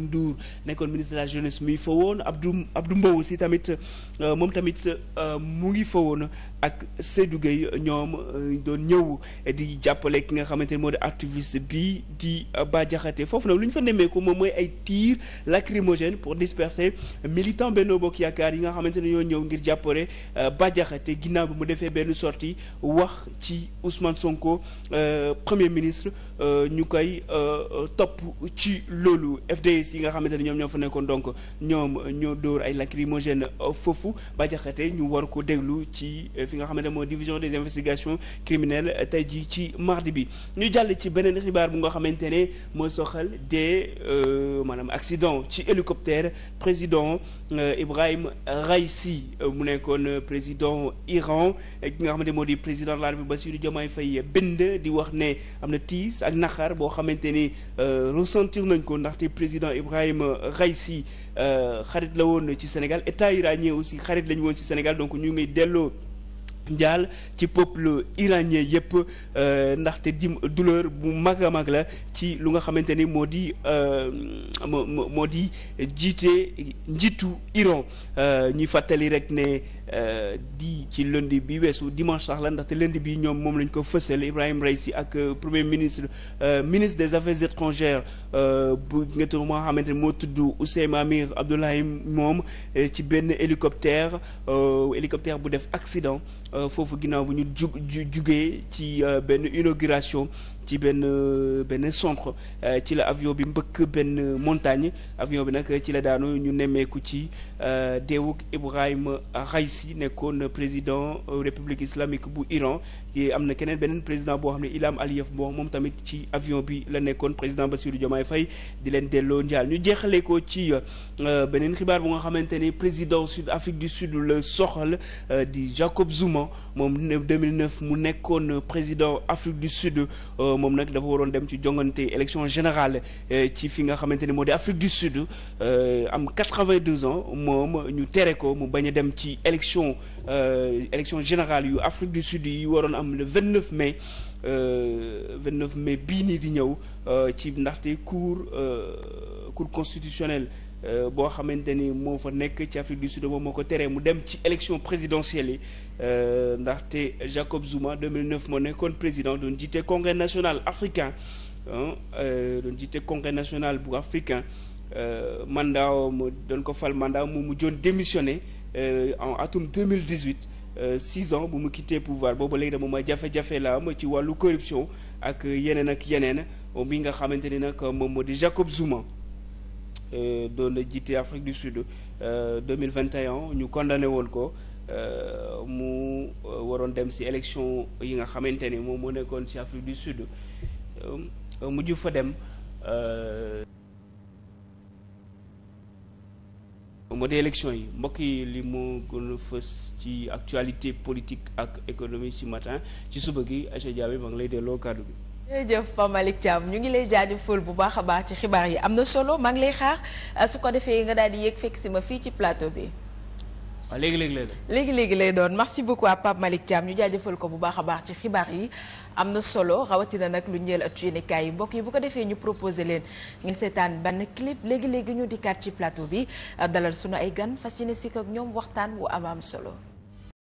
Ndour nekkoon ministre de la jeunesse mi ngi fa woon Abdou Abdou Mbow aussi tamit euh, moom tamit euh, mu ngi fa woon ak Seydou Gueye ñoom euh, doon ñëw di jàppale ki nga xamante ni moo di activiste bi di Bah foofu nag lu ñu fa nemmeeku moom mooy ay tirs lacrymogènes pour disperser militants Benno Bokk Yaakaar yi nga xamante ne ñoo ñëw ngir jàppale Bah ginnaaw bi mu defee benn sortie wax ci Ousmane Sonko premier ministre ñu koy topp ci loolu terroristes yi nga xamante ne ñoom ñoo fa nekkoon donc ñoom ñoo dóor ay lacrymogène foofu ba ñu war ko déglu ci euh, fi nga xamante moo division des investigations criminelles tey jii ci mardi bi ñu jàll ci beneen xibaar bu nga xamante ne moo soxal des euh, maanaam accident ci hélicoptère président euh, Ibrahim Raisi mu nekkoon président Iran ki nga xamante moo di président de la République Bassirou Diomaye Faye bind di wax ne am na tiis ak naqar boo xamante ni ressentir nañ ko ndaxte président Ibrahima Raisi euh, xarit la woon ci Sénégal état iranien aussi xarit la ñu woon ci Sénégal donc ñu ngi delloo njaal ci peuple iranien yëpp euh, ndaxte di duleur bu mag a mag la ci lu nga xamante ni moo di euh, moo di jiite njiitu Iran euh, ñuy fàttali rek ne di ci lundi bi weesu dimanche sax la ndaxte lundi bi ñoom moom lañ ko fësal Ibrahim Raisi ak premier ministre ministre des affaires étrangères bu nga moo xamante ni moo tudd Hussein Amir Abdoulaye moom ci benn hélicoptère hélicoptère bu def accident foofu ginnaaw bu ñu jug jugee ci euh, benn inauguration ci benn benn sonk euh, ci la avion bi mbëkk benn montagne avion bi nag ci la daanu ñu nemmeeku ci euh, deewug Ibrahim Raisi nekkoon président euh, république islamique bu Iran ki am na keneen beneen président boo xam ne Ilham Aliyev boo moom tamit ci avion bi la nekkoon président Bassirou Diomaye fay di leen delloo njaal ñu jeexalee ko ci beneen xibaar bu nga xamante ne président Sud Afrique du Sud la soxal di Jacob Zuma moom 2009 mu nekkoon président Afrique du Sud. moom nag dafa waroon dem ci jongante élection générale eh, ci fi nga xamante ni moo di Afrique du Sud eh, am quatre-vingt-deux ans moom ñu tere ko mu bañ a dem ci élection eh, élection générale yu Afrique du Sud yi waroon am le vingt-neuf mai vingt-neuf mai bii nii di ñëw ci ndaxte cour cour constitutionnelle Euh, boo xamante ni moo fa nekk ci Afrique du Sud moom moo ko teree mu dem ci élection présidentielle yi euh, ndaxte Jacob Zuma 2009 moo nekkoon président doon jiite congrès national africain euh, doon jiite congrès national bu africain mandat mu doon ko fal mandat mu mujjoon démissionné en atum 2018 six ans bu mu quitté pouvoir boobu léegi dama ma jafe-jafe la ma ci wàllu corruption ak yeneen ak yeneen bi nga xamante ni nag moom moo di Jacob Zuma. Euh, doon na jiite Afrique du Sud 2021 euh, ñu condamné woon ko euh, mu waroon dem si élection yi nga xamante ni moom moo nekkoon ci Afrique du Sud mujj fa dem moo di élection yi mbokk yi li mu gën a fës ci actualité politique ak économie ci matin ci suba gi Aïcha Diaby maa ngi lay delloo kàddu bi jërëjëf Pa Malick Thiam ñu ngi lay jaajëfal bu baax a baax ci xibaar yi am na solo maa lay xaar euh, su ko defee nga daal di yéeg fekk si ma fii ci plateau bi. léegi léegi lay doon léegi léegi lay doon merci beaucoup à Pape Malick Thiam ñu jaajëfal ko bu baax a baax ci xibaar yi am na solo rawatina nag lu ñeel at yéenekaay yi mbokk yi bu ko defee ñu proposé leen ngeen seetaan benn clip léegi léegi ñu dikkaat ci plateau bi euh, dalal sunu ay gan fas yéene sikk ak ñoom waxtaan wu am am solo.